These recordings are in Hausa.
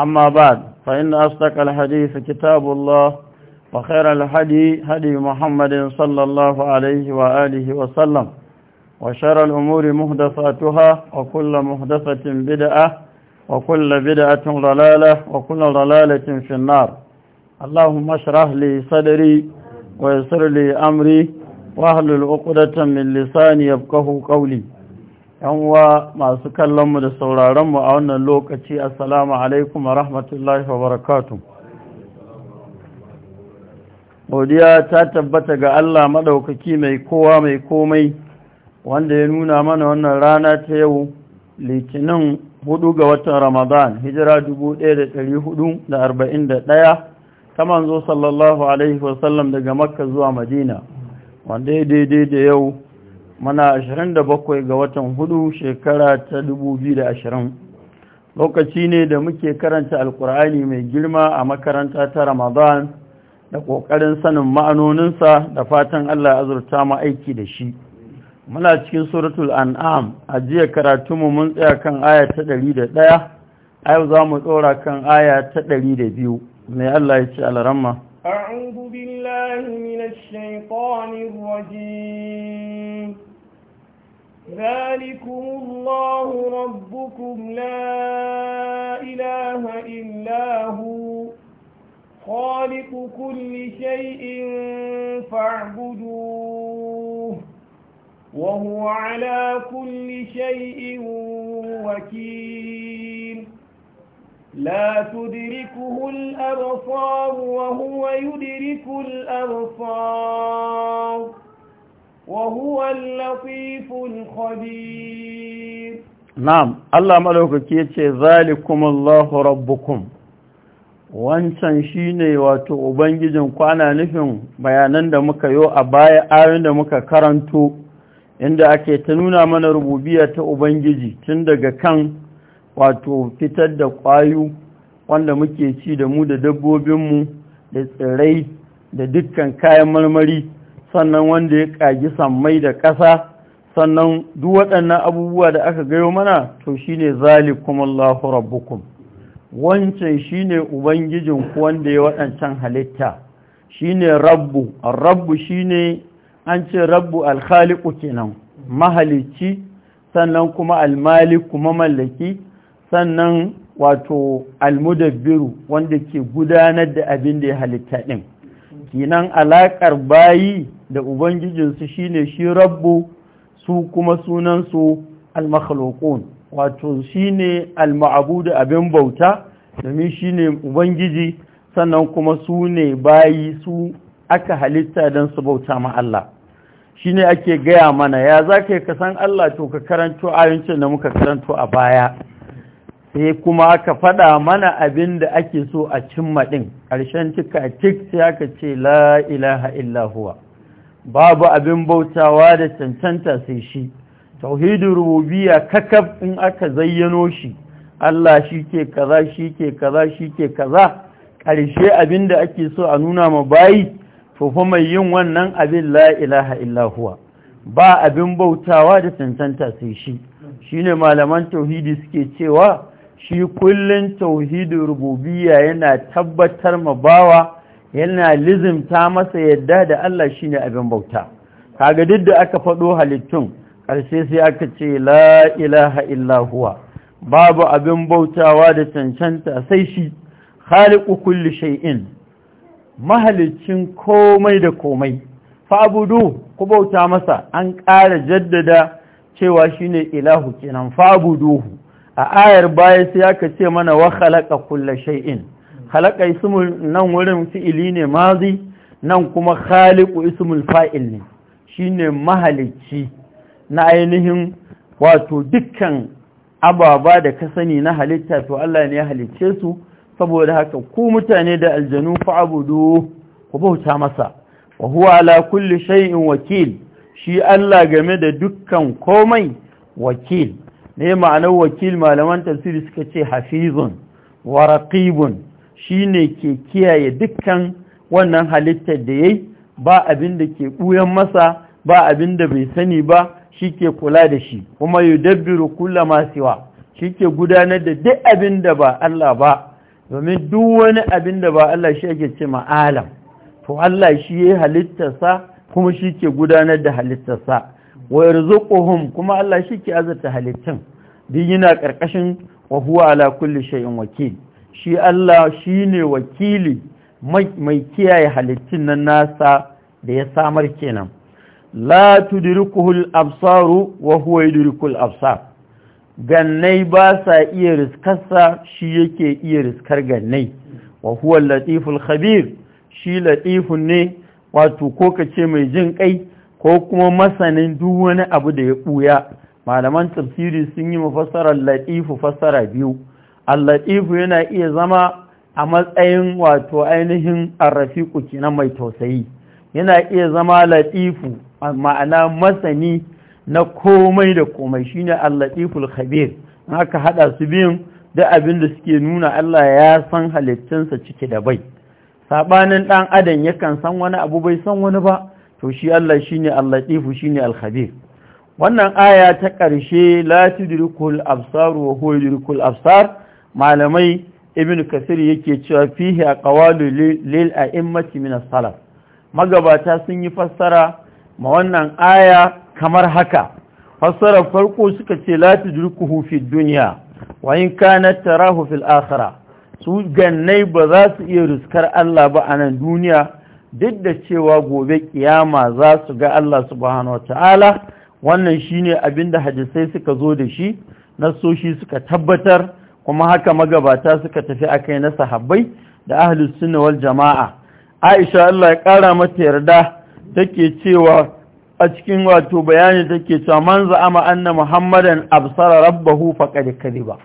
أما بعد فإن أصدق الحديث كتاب الله وخير الهدي هدي محمد صلى الله عليه وآله وسلم وشر الأمور مهدفاتها وكل مهدفة بدعة وكل بدعة ضلالة وكل ضلالة في النار اللهم اشرح لي صدري ويسر لي أمري واهل العقدة من لساني يبقه قولي uwa masu kallonmu da sauraronmu a wannan lokaci assalamu alaikum wa rahmatullahi wa barakatun godiya ta tabbata ga Allah maɗaukaki mai kowa mai komai wanda ya nuna mana wannan rana ta yau litinin hudu ga watan ramadan hijira 1441 ta manzo sallallahu alaihi wasallam daga makka zuwa madina wanda ya daidai da yau mana 27 ga watan hudu shekara ta 2020 lokaci ne da muke karanta alkur'ani mai girma a makaranta ta ramadan da ƙoƙarin sanin ma'anoninsa da fatan allah azurta mu aiki da shi muna cikin suratul an'am a jiya karatunmu mun tsaya kan aya ta 101 a yau za mu tsora kan aya ta 102 mai allah ya ce alaramma أعوذ بالله من الشيطان الرجيم ذلكم الله ربكم لا إله إلا هو خالق كل شيء فاعبدوه وهو على كل شيء وكيل لا تدركه الأبصار وهو يدرك الأبصار وهو اللطيف الخبير نعم الله ملوكك يتي ذلكم الله ربكم wancan shine wato ubangijin kwana nufin bayanan da muka yi a baya ayoyin da muka karanto inda ake ta nuna mana rububiya ta ubangiji tun daga kan wato fitar da kwayo wanda muke ci da mu da dabbobinmu da tsirrai da dukkan kayan marmari sannan wanda ya ƙagi sammai da ƙasa sannan duk waɗannan abubuwa da aka gayo mana to shine zalikum Allahu rabbukum wancan shine ubangijin ku wanda ya waɗancan halitta shine rabbu rabbu shine an ce rabbu alkhaliku kenan mahalicci sannan kuma almalik kuma mallaki sannan wato almudabbiru wanda ke gudanar da abin da ya halitta din kinan alakar bayi da ubangijinsu shi ne shi rabbu su kuma sunansu al-makhluqun wato ne al da abin bauta domin ne ubangiji sannan kuma su ne bayi su aka halitta don su bauta ma Allah ne ake gaya mana ya za ka san Allah to ka karanto ayoyin da muka karanto a baya sai kuma aka faɗa mana abin da ake so a cimma ɗin ƙarshen cika tik sai aka ce la ilaha illahuwa babu abin bautawa da cancanta sai shi tauhidin rububiyya kakaf in aka zayyano shi Allah shi ke kaza shi ke kaza shi ke kaza ƙarshe abin da ake so a nuna ma bayi fa mai yin wannan abin la ilaha illa huwa. ba abin bautawa da cancanta sai shi shine malaman tauhidi suke cewa shi kullun tauhidin rububiyya yana tabbatar ma bawa yana lizimta masa yadda da Allah shi ne abin bauta kaga duk da aka faɗo halittun ƙarshe sai aka ce la ilaha illahuwa babu abin bautawa da cancanta sai shi khaliqu kulli shay'in mahalicin komai da komai fa'budu ku bauta masa an ƙara jaddada cewa shine ilahu kenan fa'buduhu a ayar baya sai aka ce mana wa khalaqa kulli shay'in halaka ismul nan wurin fi'ili ne mazi nan kuma khaliqu ismul fa'il ne shine mahalicci na ainihin wato dukkan ababa da ka sani na halitta to Allah ne ya halicce su saboda haka ku mutane da aljanu fa'budu ku bauta masa wa huwa ala kulli shay'in wakil shi Allah game da dukkan komai wakil ne ma'anar wakil malaman tafsiri suka ce hafizun wa raqibun shine ke kiyaye dukkan wannan halittar da yayi ba abin da ke buyan masa ba abin da bai sani ba shi ke kula da shi kuma yudabbiru kullama siwa shi ke gudanar da duk abin da ba Allah ba domin duk wani abin da ba Allah shi ake ce ma'alam to Allah shi ya halittarsa kuma shi ke gudanar da halittarsa wa yarzuquhum kuma Allah shi ke azarta halittun duk yana ƙarƙashin wa huwa ala kulli shay'in wakil shi Allah shi ne wakili mai kiyaye halittun nan nasa da ya samar kenan la tudrikuhul absaru wa huwa yudrikul absar gannai ba sa iya riskarsa shi yake iya riskar gannai wa huwa latiful khabir shi latifun ne wato ko kace mai jin kai ko kuma masanin duk wani abu da ya buya malaman tafsiri sun yi mafassarar latifu fasara biyu allatifu yana iya zama a matsayin wato ainihin arrafiku kenan mai tausayi yana iya zama latifu ma'ana masani na komai da komai shine allatiful khabir haka haɗa su biyun da abin da suke nuna Allah ya san halittunsa ciki da bai sabanin ɗan adam yakan san wani abu bai san wani ba to shi Allah shine allatifu shine alkhabir wannan aya ta ƙarshe la tudrikul absar wa huwa yudrikul absar malamai ibn kasir yake cewa fihi aqwalu lil a'immati min as-salaf magabata sun yi fassara ma wannan aya kamar haka fassara farko suka ce la tudrikuhu fi dunya wa in na tarahu fil akhirah su gannai ba za su iya ruskar Allah ba a nan duniya duk da cewa gobe kiyama za su ga Allah subhanahu wataala wannan shine da hadisai suka zo da shi nasoshi suka tabbatar kuma haka magabata suka tafi a kai na sahabbai da ahlus sunna wal jama'a Aisha Allah ya kara mata yarda take cewa a cikin wato bayani take cewa man za'ama anna Muhammadan absara rabbahu faqad kadhiba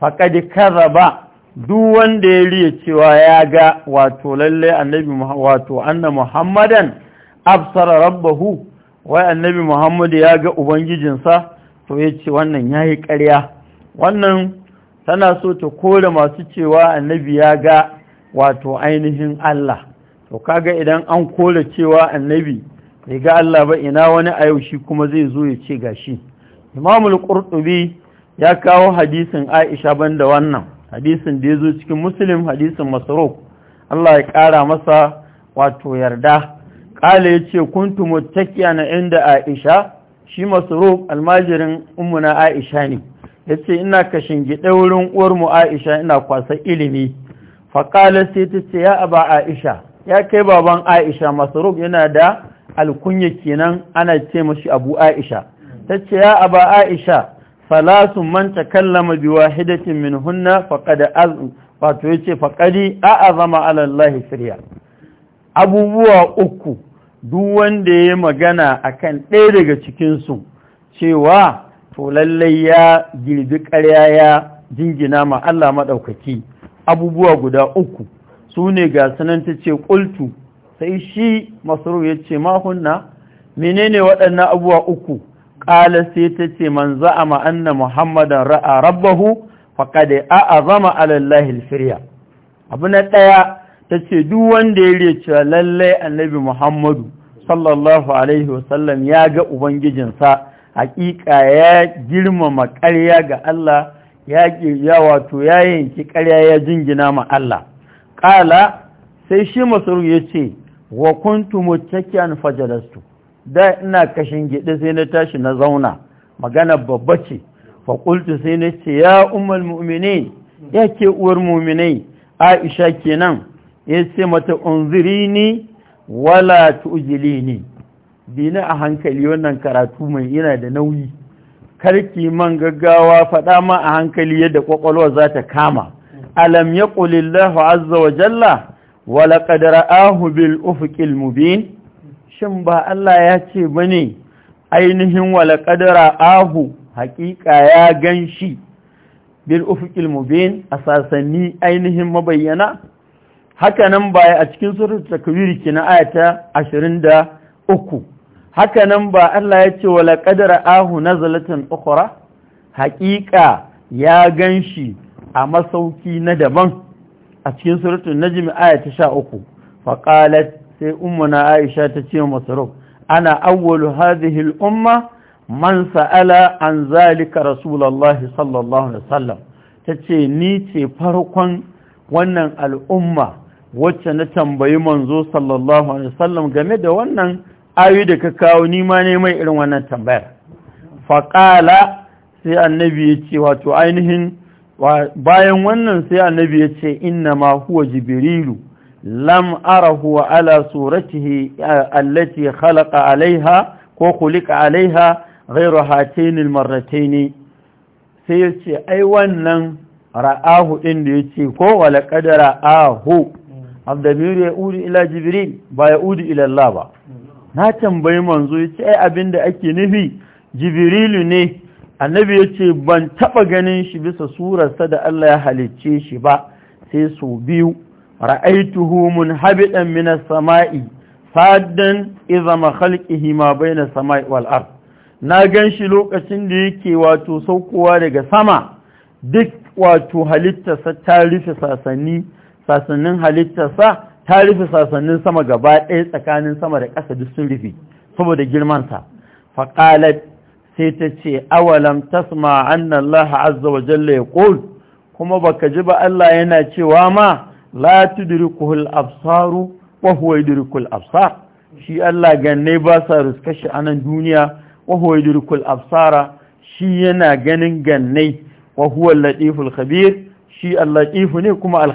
faqad kadhaba duk wanda ya riya cewa ya ga wato lalle annabi wato anna Muhammadan absara rabbahu wai annabi Muhammad ya ga ubangijinsa to yace wannan yayi ƙarya wannan tana so ta kore masu cewa annabi ya ga wato ainihin Allah to kaga idan an kore cewa annabi bai ga Allah ba ina wani a yau shi kuma zai zo ya ce gashi imamul qurtubi ya kawo hadisin Aisha banda wannan hadisin da ya zo cikin muslim hadisin masruq Allah ya kara masa wato yarda ƙala ya ce kuntu mutakiya na inda Aisha shi masruq almajirin ummuna Aisha ne ya ce ina ka shingiɗe wurin uwarmu aisha ina kwasa ilimi faƙalar sai ta ce ya aba aisha ya kai baban aisha masaruf yana da alkunya kenan ana ce mashi abu aisha ta ce ya aba aisha falasun man takallama bi wahidatin min hunna faqad az wato yace faqadi a'azama ala Allah sirya abubuwa uku duk wanda ya magana akan ɗaya daga cikinsu cewa to lallai ya girbi ƙarya ya jingina ma Allah maɗaukaki abubuwa guda uku su ne ga sanan ta ce ƙultu sai shi masaru ya ce mahunna menene waɗannan abubuwa uku ƙala sai ta ce man za'ama anna muhammadan ra'a rabbahu faƙade a zama alallahi alfirya abu na ɗaya ta ce duk wanda ya rece lallai annabi muhammadu sallallahu alaihi wasallam ya ga ubangijinsa hakika ya girmama ƙarya ga Allah ya ya wato ya yanki ƙarya ya jingina ma Allah qala sai shi masaruf yace wa kuntu muttakian fajalastu da ina kashin gidi sai na tashi na zauna magana babba ce fa qultu sai na ce ya ummul mu'minin yake uwar mu'minai Aisha kenan yace mata unzirini wala tujilini dina a hankali wannan karatu mai yana da nauyi karki man gaggawa faɗa ma a hankali yadda ƙwaƙwalwa za ta kama alam ya ƙulillahu azza wa jalla wala ahu bil ufuƙil mubin shin ba Allah ya ce ba ne ainihin wala ahu haƙiƙa ya gan shi bil ufuƙil mubin a sasanni ainihin mabayyana haka nan ba a cikin surutu takwiri kina ayata uku? haka nan ba Allah ya ce wa laƙadar ahu na zalatin ukura haƙiƙa ya gan shi a masauki na daban a cikin suratun najmi aya ta sha uku faƙalat sai umuna aisha ta ce masarau ana awwalu hadhihi al-umma man sa'ala an zalika rasulullahi sallallahu alaihi wasallam tace ni ce farkon wannan al'umma wacce na tambayi manzo sallallahu alaihi wasallam game da wannan ayu da ka kawo nima ne mai irin wannan tambayar faƙala sai annabi ya ce wato ainihin bayan wannan sai annabi ya ce inna ma huwa jibrilu lam arahu wa ala suratihi allati khalaqa alaiha ko khuliqa alaiha ghayru hatain almarratayn sai ya ce ai wannan ra'ahu din da ya ce ko wala qadara ahu abdamiru ya uri ila jibril ba ya udu ila allah ba na tambayi manzo ya ce abin da ake nufi jibrilu ne annabi ya ce ban taɓa ganin shi bisa surarsa da Allah ya halicce shi ba sai su biyu ra'aituhu munhabidan minas sama'i faddan izama khalqihi ma baina sama'i wal ard na gan shi lokacin da yake wato saukowa daga sama duk wato halittarsa ta rufe sasanni sasannin halittarsa ta rufe sassanin sama gaba ɗaya tsakanin sama da ƙasa duk sun rufe saboda girmanta. faƙalat sai ta ce awalam tasma anna Allah azza wa jalla ya ƙul kuma baka ji ba Allah yana cewa ma la tudrikuhul absaru wa huwa yudrikul absar shi Allah ganne ba sa ruskashi a nan duniya wa huwa yudrikul absara shi yana ganin ganne wa huwa al-latiful khabir shi al-latifu ne kuma al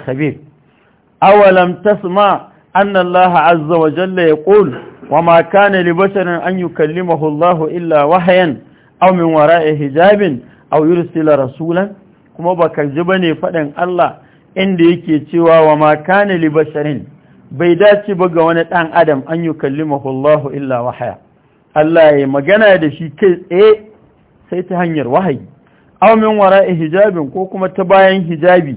awalam tasma anna Allah azza wa jalla yaqul wama kana li basharin an yukallimahu Allah illa wahyan aw min wara'i hijabin aw yursila rasulan kuma baka ji bane faɗan Allah inda yake cewa wama kana li basharin bai dace ba ga wani ɗan adam an yukallimahu Allah illa wahya Allah ya magana da shi kai tsaye sai ta hanyar wahayi aw min wara'i hijabin ko kuma ta bayan hijabi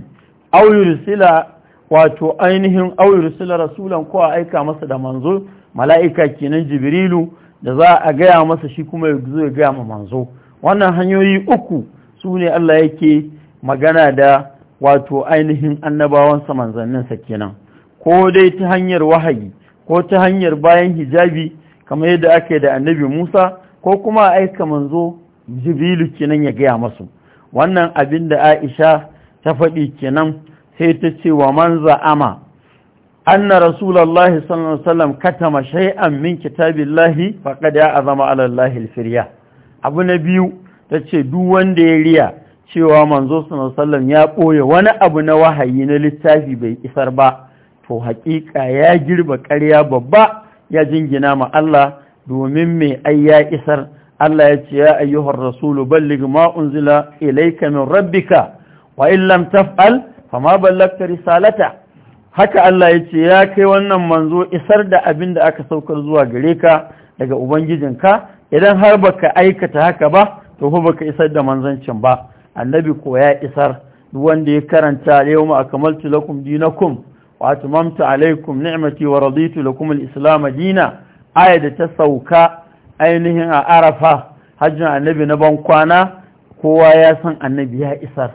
aw yursila wato ainihin auyar sula rasulan ko a aika masa da manzo mala'ika kenan jibrilu da za a gaya masa shi kuma ya zo ya gaya ma manzo wannan hanyoyi uku su ne Allah yake magana da wato ainihin annabawansa manzanninsa kenan ko dai ta hanyar wahayi ko ta hanyar bayan hijabi kamar yadda ake da annabi Musa ko kuma a aika manzo jibrilu kenan ya gaya masu wannan abin da Aisha ta faɗi kenan sai ta ce wa man za'ama anna rasulullahi sallallahu alaihi wasallam katama shay'an min kitabillahi faqad azama 'ala allahi alfirya abu na biyu tace duk wanda ya riya cewa manzo sallallahu alaihi wasallam ya boye wani abu na wahayi na littafi bai isar ba to hakika ya girba ƙarya babba ya jingina ma Allah domin mai ai ya isar Allah ya ce ya ayyuhar rasulu balligh ma unzila ilayka min rabbika wa in lam taf'al fama ballakta risalata haka Allah ya ce ya kai wannan manzo isar da abin da aka saukar zuwa gare ka daga ubangijinka idan har baka aikata haka ba to fa baka isar da manzancin ba annabi ko ya isar duk wanda ya karanta yawma akmaltu lakum dinakum wa atmamtu alaykum ni'mati wa raditu lakum al-islam dina aya da ta sauka ainihin a arafa hajjin annabi na ban kwana kowa ya san annabi ya isar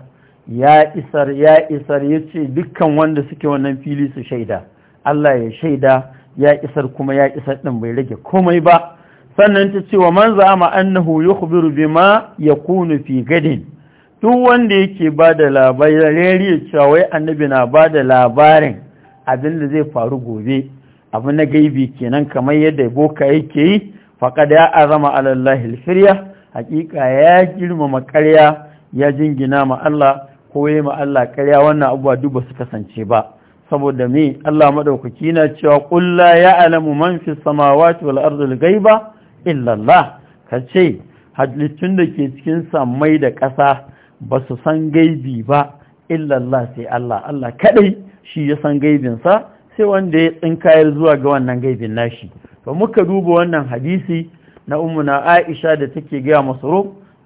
ya isar ya isar ya ce dukkan wanda suke wannan fili su shaida Allah ya shaida ya isar kuma ya isar ɗin bai rage komai ba sannan ta ce wa man zama annahu ma ya kunu fi gadin duk wanda yake ba da labarai ya cewa wai annabi na ba da labarin abin da zai faru gobe abu na gaibi kenan kamar yadda boka yake yi da ya azama alallahi allahi alfirya hakika ya girmama ƙarya ya jingina ma Allah ko ma Allah karya wannan abuwa duk ba su kasance ba saboda me Allah madaukaki na cewa ƙulla ya alamu man fi samawati wal ardi al-ghaiba illa Allah kace halittun da ke cikin samai da ƙasa ba su san gaibi ba illa Allah sai Allah Allah kaɗai shi ya san gaibin sa sai wanda ya tsinkayar zuwa ga wannan gaibin nashi to muka duba wannan hadisi na ummuna Aisha da take ga za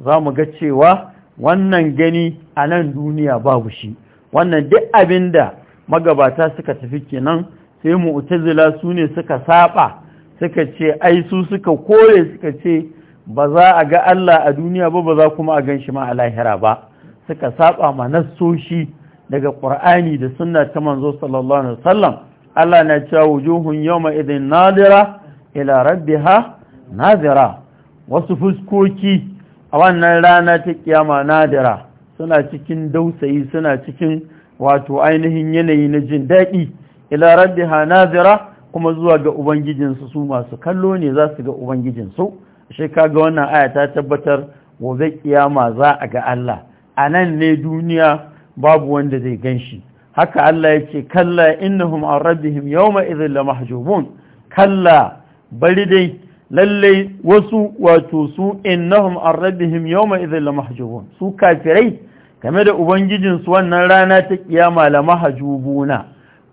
zamu ga cewa wannan gani a nan duniya babu shi wannan duk abin da magabata suka tafi kenan sai mu'tazila su ne suka saba suka ce ai su suka kore suka ce ba za a ga Allah a duniya ba ba za kuma a gan shi ma a lahira ba suka saba ma nassoshi daga ƙur'ani da sunna ta manzo sallallahu alaihi wasallam Allah na cewa wujuhun yawma idin nadira ila rabbiha nazira wasu fuskoki a wannan rana ta kiyama nadira suna cikin dausayi suna cikin wato ainihin yanayi na jin daɗi ila rabbi rabbiha nadira kuma zuwa ga ubangijinsu su masu kallo ne za su ga ubangijinsu shi kaga wannan aya ta tabbatar gobe kiyama za a ga Allah a nan ne duniya babu wanda zai ganshi. haka Allah ya ce kalla innahum an rabbihim yawma idhil mahjubun kalla bari dai lallai wasu wato su innahum an yawma idhil lamahjubun su kafirai game da ubangijin su wannan rana ta kiyama lamahjubuna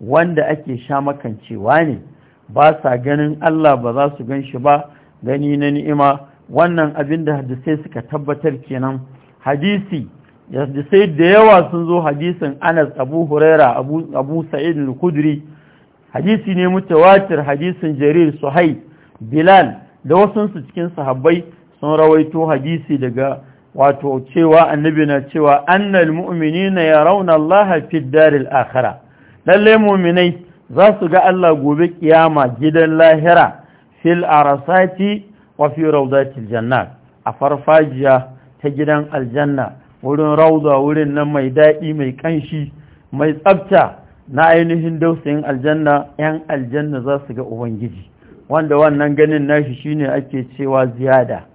wanda ake sha makancewa ne ba sa ganin Allah ba za su gan shi ba gani na ni'ima wannan abin da hadisai suka tabbatar kenan hadisi hadisai da yawa sun zo hadisin Anas Abu Huraira Abu Abu Sa'id al-Khudri hadisi ne mutawatir hadisin Jarir Suhaib Bilal da wasunsu cikin sahabbai sun rawaito hadisi daga wato cewa annabi na cewa annal mu'minina yarawna Allah fi daril akhirah lalle mu'minai za su ga Allah gobe kiyama gidan lahira fil arasati wa fi rawdatil jannat a farfajiya ta gidan aljanna wurin ra'uza wurin nan mai daɗi mai kanshi mai tsafta na ainihin dausayin aljanna yan aljanna za su ga ubangiji wanda wannan ganin nashi shine ake cewa ziyada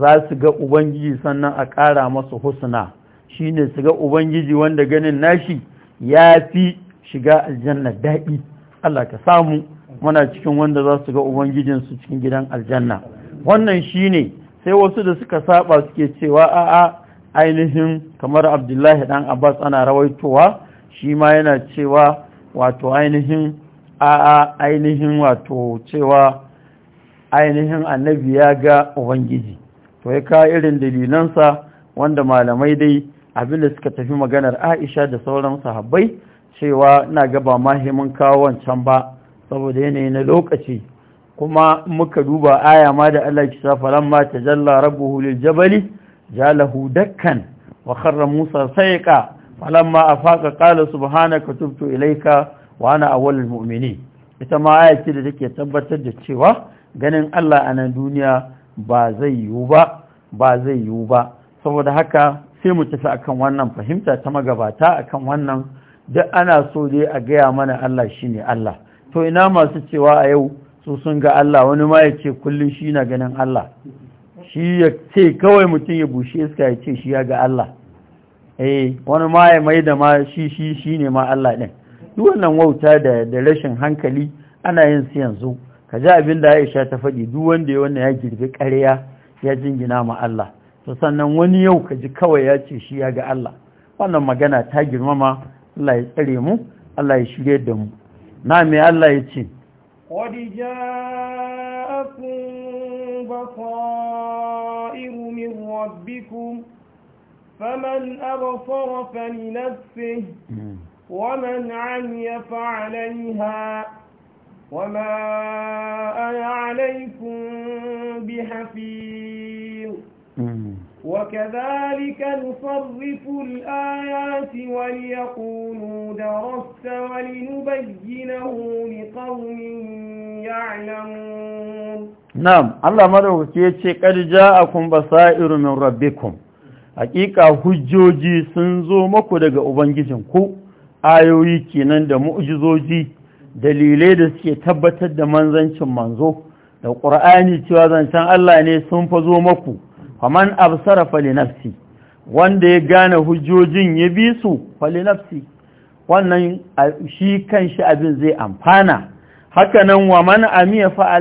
za su ga ubangiji sannan a ƙara masu husna shine su ga ubangiji wanda ganin nashi ya fi shiga aljanna daɗi Allah ka samu muna cikin wanda za su ga ubangijinsu cikin gidan aljanna wannan shine sai wasu da suka saba suke cewa a'a ainihin kamar abdullahi ɗan abbas ana rawaitowa shi ma yana cewa wato ainihin a ainihin wato cewa ainihin annabi ya ga ubangiji to ya kawo irin dalilansa wanda malamai dai abinda suka tafi maganar aisha da sauran sahabbai cewa na gaba mahimin kawo wancan ba saboda yanayi na lokaci kuma muka duba aya ma da Allah ki falan ta tajalla rabbuhu lil jabali jalahu dakkan wa kharra musa sayqa falamma afaqa qala subhanaka tubtu ilayka wa a mumini ita ma ya ce da take tabbatar da cewa ganin Allah a nan duniya ba zai yiwu ba ba zai yiwu ba saboda haka sai mu tafi akan wannan fahimta ta magabata akan wannan duk ana so dai a gaya mana Allah shine Allah to ina masu cewa a yau su sun ga Allah wani ma ya ce kullum shi na ganin Allah shi ya ce kawai mutum ya bushe iska ya ce shi ya ga Allah eh wani ma ya mai da ma shi shi shi ne ma Allah ɗin duk wannan wauta da da rashin hankali ana yin su yanzu ka ji abin da Aisha ta faɗi duk wanda ya wannan ya girbe ƙarya ya jingina ma Allah to sannan wani yau ka ji kawai ya ce shi ya ga Allah wannan magana ta girmama Allah ya tsare mu Allah ya shirye da mu na me Allah ya ce قد جاءكم بصائر من ربكم فمن أبصر فلنفسه ومن عمي فعليها وما أنا عليكم بحفيظ وكذلك نصرف الآيات وليقولوا درست ولنبينه لقوم يعلمون نعم الله مدعوك يتشي قد جاءكم بصائر من ربكم حقيقة hujjoji sun zo maku daga Ubangijinku ayoyi kenan da mu'jizoji dalilai da suke tabbatar da manzancin manzo da ƙur'ani cewa zancen Allah ne sun fa zo maku faman absara falinafsi wanda ya gane hujjojin ya bi su falinafsi wannan shi kan shi abin zai amfana Haka nan wa man amiya fa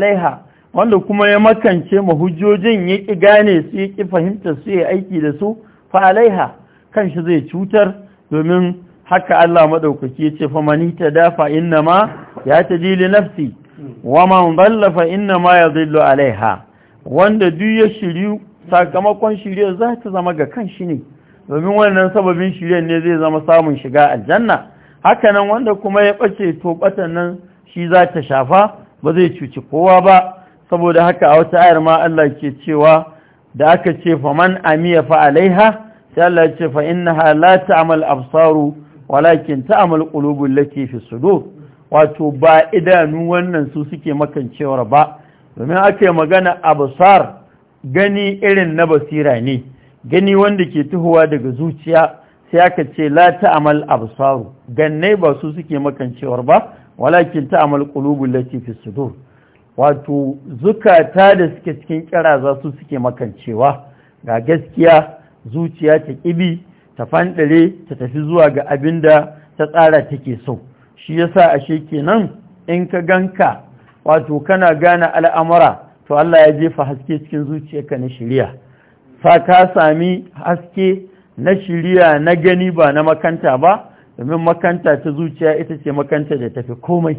wanda kuma ya makance ma hujjojin ya ƙi gane su ya ƙi fahimta su ya aiki da su fa'alaiha, alaiha shi zai cutar domin haka Allah ya ce fa ta dafa inna ma ya taji li nafsi wa man dalla fa inna ma yadhillu alaiha wanda duk ya shiryu sakamakon shirye za ta zama ga kan shi ne domin wannan sababin shirye ne zai zama samun shiga aljanna hakanan wanda kuma ya bace to batan nan shi za ta shafa ba zai cuci kowa ba saboda haka a wata ayar ma Allah ke cewa da aka ce fa man amiya fa alaiha sai Allah ya ce fa innaha la ta'mal absaru walakin ta'amal qulubul lati fi sudur wato ba idanu wannan su suke makancewar ba domin ake magana absar gani irin na basira ne gani wanda ke tuhuwa daga zuciya sai aka ce la ta'amal absaru gannai ba su suke makancewar ba walakin ta'amal qulubul lati fi sudur wato zukata da suke cikin kira za su suke makancewa ga gaskiya zuciya ta kibi ta fanɗare ta tafi zuwa ga abin da ta tsara take so shi yasa ashe nan in ka ka, wato kana gane al'amura to Allah ya jefa haske cikin zuciyarka na shirya Sa ka sami haske na shirya na gani ba na makanta ba domin makanta ta zuciya ita ce makanta da tafi komai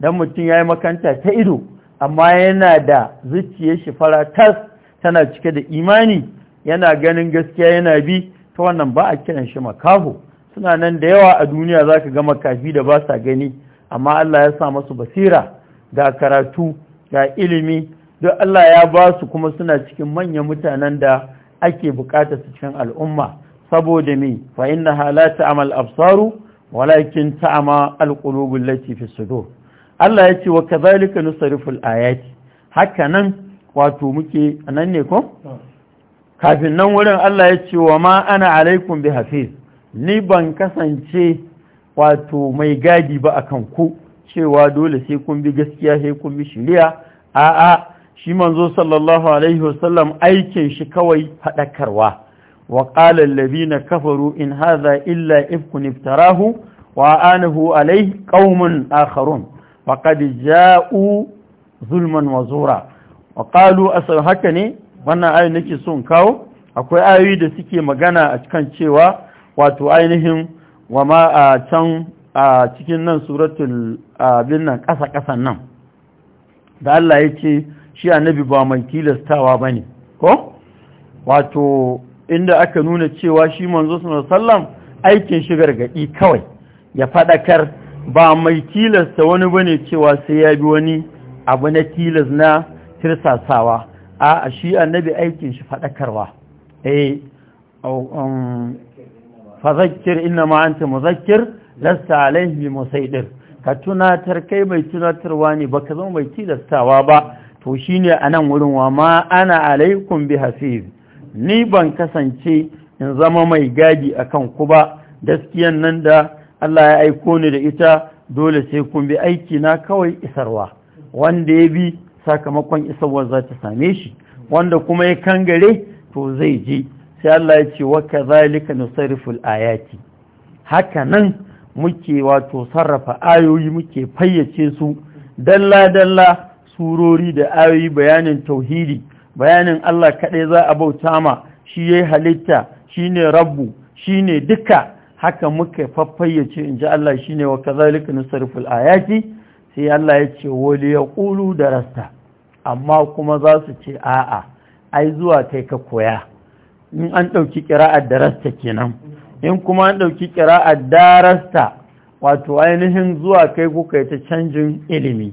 don mutum ya yi makanta ta ido amma yana da zuciyar shi fara tas tana cike da imani yana ganin gaskiya yana bi ta wannan ba a kiran shi makaho suna nan da yawa a duniya za ka gama kafi da ba sa gani amma Allah ya sa masu basira ga karatu ga ilimi don Allah ya ba su kuma suna cikin manyan mutanen da ake bukata su cikin al'umma saboda mai fa inna halata amal absaru walakin ta'ama alqulubul lati fi sudur Allah ya ce wa kadhalika nusariful ayati haka nan wato muke nan ne ko kafin nan wurin Allah ya ce wa ma ana alaikum bi hafiz ni ban kasance wato mai gadi ba akan ku cewa dole sai kun bi gaskiya sai kun bi shari'a a'a shi manzo sallallahu alaihi wasallam aikin shi kawai fadakarwa wa qala allazina kafaru in hadha illa ifkun iftarahu wa anahu alaihi qaumun akharun faqad ja'u zulman wa zura wa qalu asal haka ne wannan ayoyi nake son kawo akwai ayoyi da suke magana a kan cewa wato ainihin wa ma a can a cikin nan suratul abin nan ƙasa-ƙasan nan da Allah ya ce shi annabi ba mai tilastawa ba ne ko wato inda aka nuna cewa shi manzo sallam aikin shi gargaɗi kawai ya faɗakar ba mai tilasta wani bane cewa sai ya bi wani abu na tilas na tirsasawa a shi annabi aikin shi faɗakarwa eh um, fazakir inna ma anta muzakkir lasta alaihi musaidir ka tunatar kai mai tunatarwa ne ba ka zama mai tilastawa ba to shine anan wurin wa ma ana alaikum bi hafiz ni ban kasance in zama mai gadi akan ku ba gaskiyan nan da Allah ya aiko ni da ita dole sai kun bi aiki na kawai isarwa wanda ya bi sakamakon isawar za ta same shi wanda kuma ya kangare to zai je sai Allah ya ce waka zalika nusariful ayati haka nan muke wato sarrafa ayoyi muke fayyace su dalla dalla surori da ayoyi bayanin tauhidi bayanin Allah kaɗai za a bauta ma shi yayi halitta shine rabbu shine duka haka muka faffayyace in ji Allah shine wa kazalika nusariful ayati sai Allah ya ce wali ya ƙulu da rasta amma kuma za su ce a'a ai zuwa kai ka koya in an ɗauki ƙira'ar da rasta kenan in kuma an ɗauki ƙira'ar da rasta wato ainihin zuwa kai kuka yi ta canjin ilimi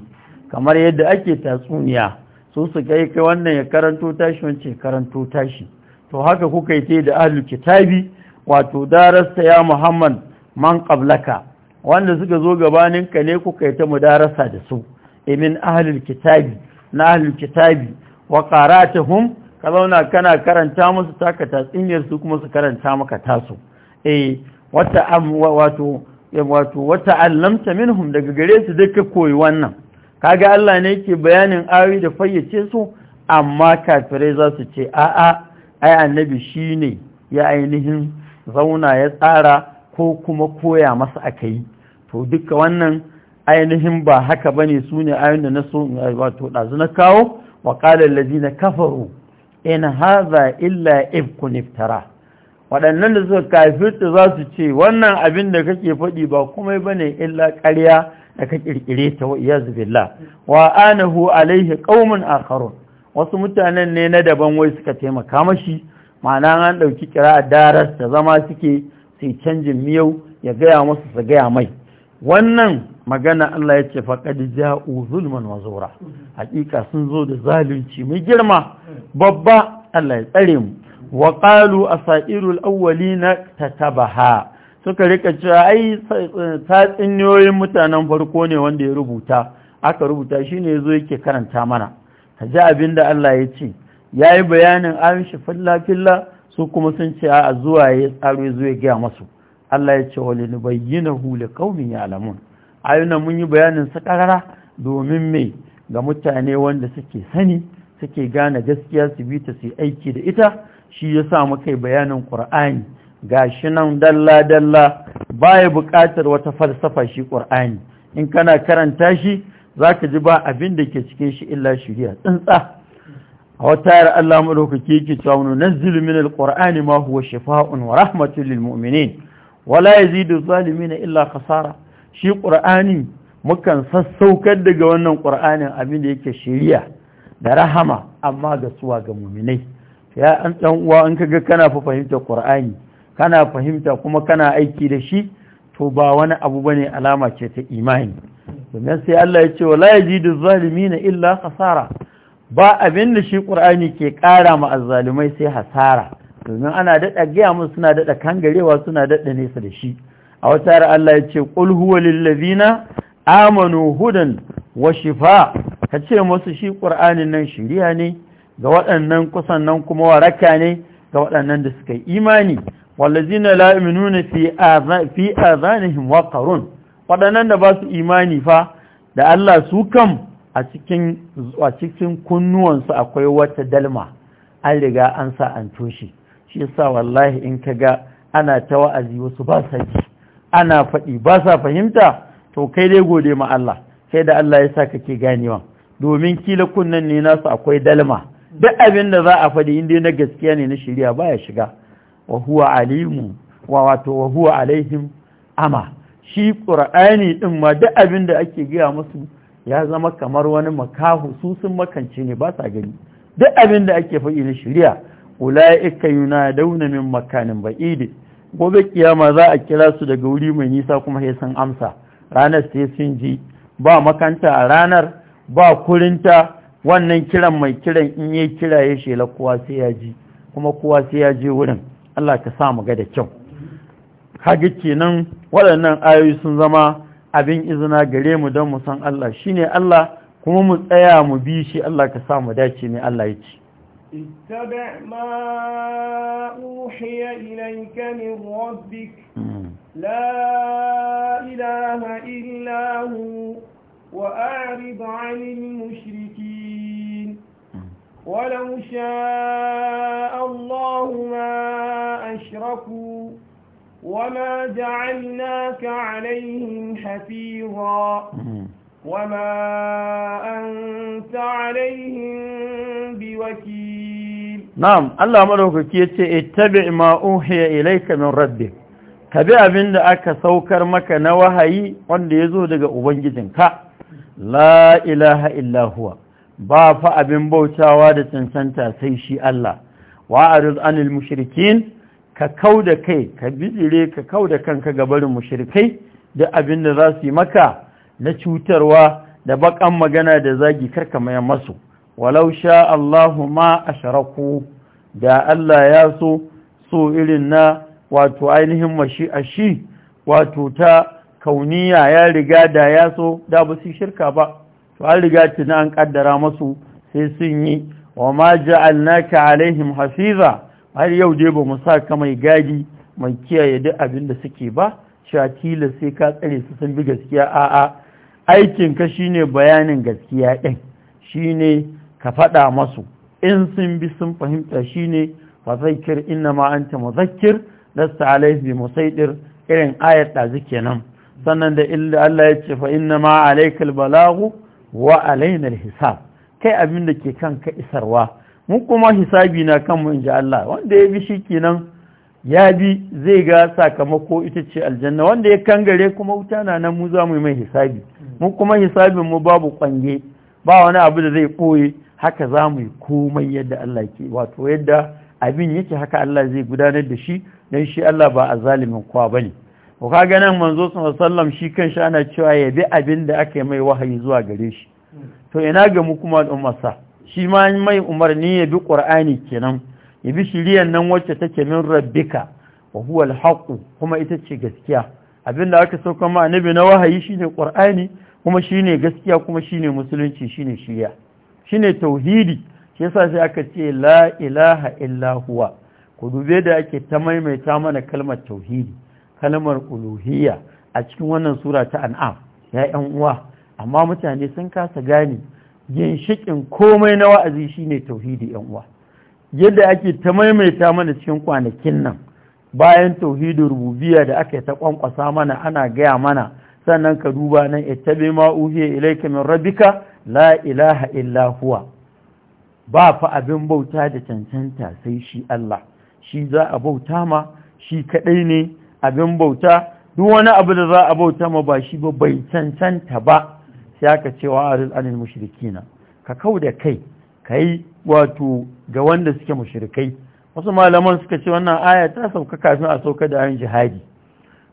kamar yadda ake tatsuniya su su kai kai wannan ya karanto tashi wancan karanto tashi to haka kuka yi ta da ahlul kitabi wato darasta ya muhammad man qablaka wanda suka zo gabaninka ne kuka yi ta mudarasa da su imin e ahalil kitabi na ahalil kitabi wa hun ka zauna kana karanta musu taka tatsinyar su kuma su karanta maka taso. E! wata am wato wato wata allamta minhum daga gare su duka koyi wannan kaga Allah ne ke bayanin awi da fayyace su amma kafirai za su ce a'a ai annabi shi ne, ya ainihin zauna ya tsara ko kuma koya masa aka yi to duka wannan ainihin ba haka bane su ne ayin da na so wato ɗazu na kawo wa ƙalar lazina kafaru in haza illa ifkun iftara waɗannan da suka kafirta za su ce wannan abin da kake faɗi ba komai bane illa ƙarya da ka ƙirƙire ta wa iyazu billah wa anahu alaihi qaumun akharun wasu mutanen ne na daban wai suka taimaka mashi ma'ana an ɗauki kira daras ta zama suke sai canjin miyau ya gaya masu su gaya mai wannan magana Allah ya ce faƙad ja'u zulman wa hakika sun zo da zalunci mai girma babba Allah ya tsare mu wa qalu asairul awwalina tatabaha suka rika cewa ai tatsuniyoyin mutanen farko ne wanda ya rubuta aka rubuta shine yazo yake karanta mana ka ji abin da Allah ya ce ya yi bayanin an shi su kuma sun ce a zuwa ya tsaro zuwa gaya masu Allah ya ce wale bayyana hula kaumin ya alamun ayuna mun yi bayanin sa karara domin mai ga mutane wanda suke sani suke gane gaskiya su bi ta su aiki da ita shi ya sa muka bayanin ƙur'ani gashi nan dalla dalla baya buƙatar wata falsafa shi ƙur'ani in kana karanta shi Za ka ji ba abin da ke cikin shi illa shirya tsintsa a wata yar Allah madaukake yake cewa wa nunzilu min Qur'ani ma huwa shifaa'un wa rahmatun lil mu'minin wa la yazidu zalimin illa khasara shi qur'ani mukan sassaukar daga wannan qur'anin abin da yake shari'a da rahama amma ga suwa ga mu'minai ya an dan uwa an kaga kana fa fahimta qur'ani kana fahimta kuma kana aiki da shi to ba wani abu bane alama ce ta imani domin sai Allah ya ce wa la yazidu zalimin illa khasara ba abin da shi ƙur'ani ke ƙara ma azzalumai sai hasara domin ana daɗa gaya musu suna daɗa kangarewa suna daɗa nesa da shi a wata yara Allah ya ce ƙul huwa lillazina amanu hudan wa shifa ka ce musu shi ƙur'anin nan shiriya ne ga waɗannan kusan nan kuma waraka ne ga waɗannan da suka yi imani wallazina la yu'minuna fi fi azanihim waqarun waɗannan da ba su imani fa da Allah su kam a cikin kunnuwansu akwai wata dalma an riga an sa an toshe shi yasa wallahi in ka ga ana ta wa'azi wasu ba sa ji ana faɗi ba sa fahimta to kai dai gode ma Allah kai da Allah ya sa kake ganewa domin kila kunnan ne nasu akwai dalma duk abin da za a faɗi inda na gaskiya ne na shirya baya shiga wa huwa alimu wa wato wa huwa alaihim ama shi qur'ani din ma duk abin da ake gaya musu ya zama kamar wani makahu su sun makance ne ba sa gani duk abin da ake faɗi na shari'a ula'ika dauna min makanin ba'idi gobe kiyama za a kira su daga wuri mai nisa kuma sai san amsa ranar sai sun ji ba makanta a ranar ba kurinta wannan kiran mai kiran in ya kira ya shela kowa sai ya ji kuma kowa sai ya je wurin Allah ka sa mu ga da kyau kaga kenan waɗannan ayoyi sun zama abin izina gare mu don mu san Allah ne Allah kuma mu tsaya mu bi shi Allah ka sa mu dace ne Allah ya ce وأعرض عن المشركين ولو شاء الله ما أشركوا وما جعلناك عليهم حفيظا وما أنت عليهم بوكيل نعم الله أمره كي اتبع ما أوحي إليك من ربك kabi abin da aka saukar maka na wahayi wanda ya zo daga Ubangijinka, la ilaha huwa ba fa abin bautawa da cancanta sai shi Allah, Wa wa'aruz anil mushrikin ka kau da kai ka bijire ka kau da kanka ga barin mushrikai da abin da za su yi maka na cutarwa da bakan magana da zagi karka mayan masu walau sha Allahu ma asharaku da Allah ya so so irin na wato ainihin mashi ashi wato ta kauniya ya riga da ya so da ba su shirka ba to an riga tuna an kaddara masu sai sun yi wa ma ja'alnaka alaihim Hasiza? har yau dai ba mu sa ka mai gadi mai kiyaye duk abin da suke ba shatila sai ka tsare su sun bi gaskiya a'a aikin ka shine bayanin gaskiya ɗin shine ka faɗa masu in sun bi sun fahimta shine fazakir inna ma anta muzakkir lasta alayhi bi musaidir irin ayat da zuke nan sannan da illa Allah ya ce fa inna ma alaikal balagu wa alaina hisab kai abin da ke kanka isarwa mu kuma hisabi na kanmu in ji Allah wanda ya bi shi kenan ya bi zai ga sakamako ita ce aljanna wanda ya kangare kuma wuta na nan mu za mu yi mai hisabi mu kuma hisabin mu babu kwange ba wani abu da zai koye haka za mu yi komai yadda Allah ke wato yadda abin yake haka Allah zai gudanar da shi don shi Allah ba a zalimin kowa ba ne ka ga nan manzo sallam shi kanshi ana cewa ya bi abin da aka yi mai wahayi zuwa gare shi to ina ga mu kuma sa shi ma mai umarni ya bi ƙur'ani kenan ya bi shirya nan wacce take min rabbika wa huwa alhaqu kuma ita ce gaskiya Abin da aka sauka ma annabi na wahayi shine ƙur'ani kuma shine gaskiya kuma shine musulunci shine shiriya shine tauhidi shi yasa sai aka ce la ilaha illa huwa ku dube da ake ta maimaita mana kalmar tauhidi kalmar uluhiyya a cikin wannan sura ta an'am ya yan uwa amma mutane sun kasa gane ginshikin komai na wa'azi shine tauhidi yan uwa yadda ake ta maimaita mana cikin kwanakin nan bayan tauhidin rububiya da aka yi ta kwankwasa mana ana gaya mana sannan ka duba nan ittabi ma uhiya ilaika min rabbika la ilaha illa huwa ba fa abin bauta da cancanta sai shi Allah shi za a bauta ma shi kaɗai ne abin bauta duk wani abu da za a bauta ma ba shi ba bai cancanta ba sai aka ce wa arid anil mushrikina ka kau da kai kai wato ga wanda suke mushrikai wasu malaman suka ce wannan aya ta sauka kafin a sauka da ayin jihadi